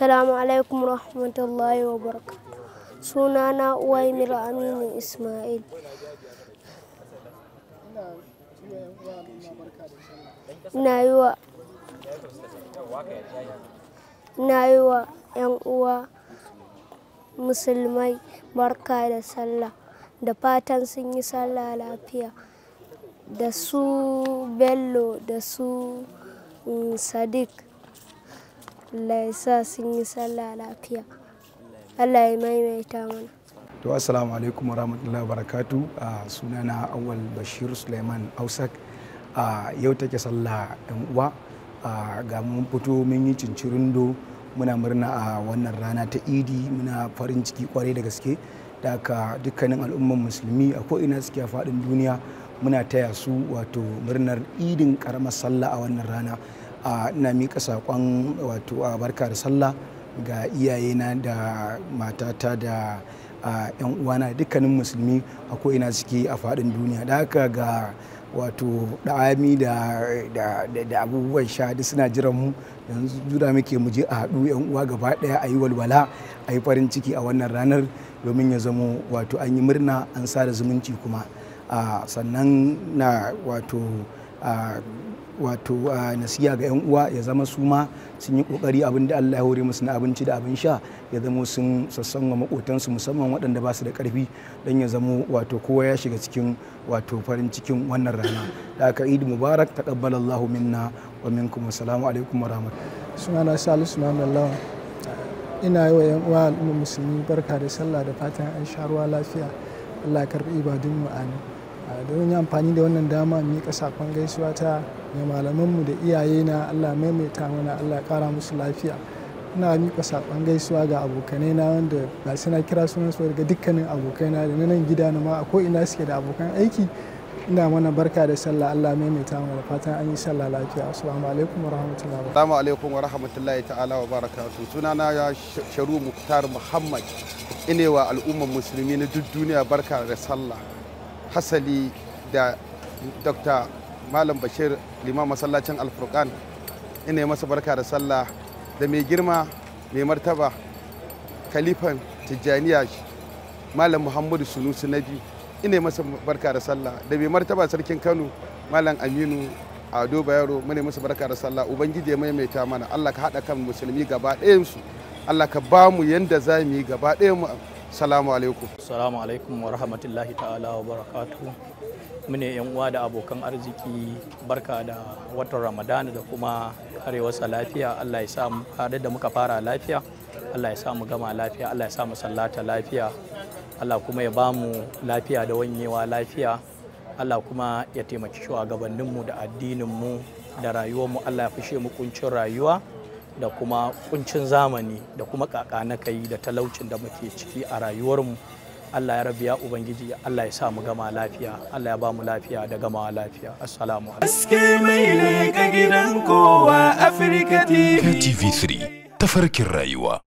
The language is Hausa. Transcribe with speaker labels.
Speaker 1: Assalamu alaikum rahmatullahi wa barakatuh. Sunana Uwaimir Aminu Ismail. Ina yi wa na yi wa 'yan uwa musulmai barka da sallah da fatan sun yi sallah lafiya da su bello da su mm, sadiq Allah ya sa sun yi sallah lafiya Allah ya maimaita mana
Speaker 2: to assalamu alaikum wa rahmatullahi barakatu a sunana awal bashir suleiman ausak a yau take sallah yan uwa ga mun fito mun yi cincirindo muna murna a wannan rana ta idi muna farin ciki kwarai da gaske da dukkanin al'ummar musulmi a ko'ina suke a faɗin duniya muna taya su wato murnar idin karamar sallah a wannan rana a ina mika saƙon wato a barka da sallah ga iyayena da matata da yan uwana dukkanin musulmi a ina suke a faɗin duniya da haka ga wato ɗa'ami da abubuwan sha duk suna jiran mu yanzu jura muke mu je a haɗu yan uwa gaba ɗaya a yi walwala a yi farin ciki a wannan ranar domin ya zamo wato an yi murna an sada zumunci kuma sannan na wato wato nasiya ga 'yan uwa ya zama su ma sun yi kokari abin da Allah ya hore musu na abinci da abin sha ya zama sun sassan wa makotansu musamman waɗanda ba su da ƙarfi don ya zama wato kowa ya shiga cikin wato farin cikin wannan rana da aka mubarak taqabbal Allahu minna wa minkum assalamu alaikum wa rahmatullahi
Speaker 3: sunana salisu Allah ina yi wa 'yan uwa musulmi barka da sallah da fatan an sha ruwa lafiya Allah ya karbi ibadun mu amin don yi amfani da wannan dama miƙa sakon gaisuwa ta ga malamanmu da iyaye na allah maimaita mana allah ƙara musu lafiya ina miƙa sakon gaisuwa ga abokanai na wanda ba suna kira sunan su daga dukkanin abokai na da nan gida na ma a ko ina suke da abokan aiki ina mana barka da sallah Allah maimaita mana da fatan an yi sallah lafiya assalamu alaikum warahmatullahi assalamu
Speaker 4: alaikum ta'ala wa barakatuh sunana ya sharu muhammad inewa musulmi na duk duniya barka da sallah hasali da dr malam bashir liman masallacin alfurkan ina masa barka da sallah da mai girma mai martaba kalifan tijjaniya malam muhammadu sunusu na biyu ina masa barka da sallah da mai martaba sarkin kano malam aminu ado bayero mune masa barka da sallah ubangiji ya maimaita mana allah ka haɗa kan musulmi gaba ɗayansu allah ka ba mu yanda za mu yi gaba ɗayan mu salamu alaikum
Speaker 5: salamu alaikum wa rahmatullahi ta'ala wa barakatu mune yan uwa da abokan arziki barka da watan ramadana da kuma karewarsa lafiya allah ya sa mu da muka fara lafiya allah ya sa mu gama lafiya allah ya sa mu sallata lafiya allah kuma ya bamu lafiya da wanyewa lafiya allah kuma ya taimaki shugabanninmu da addininmu da rayuwarmu allah ya fushe mu kuncin rayuwa da kuma kuncin zamani da kuma kaka na kai da talaucin da muke ciki a rayuwarmu Allah ya rabiya Ubangiji Allah ya sa mu gama lafiya Allah ya ba mu lafiya da gama lafiya assalamu
Speaker 2: alaikum mai
Speaker 1: gidan kowa TV3 tafarkin rayuwa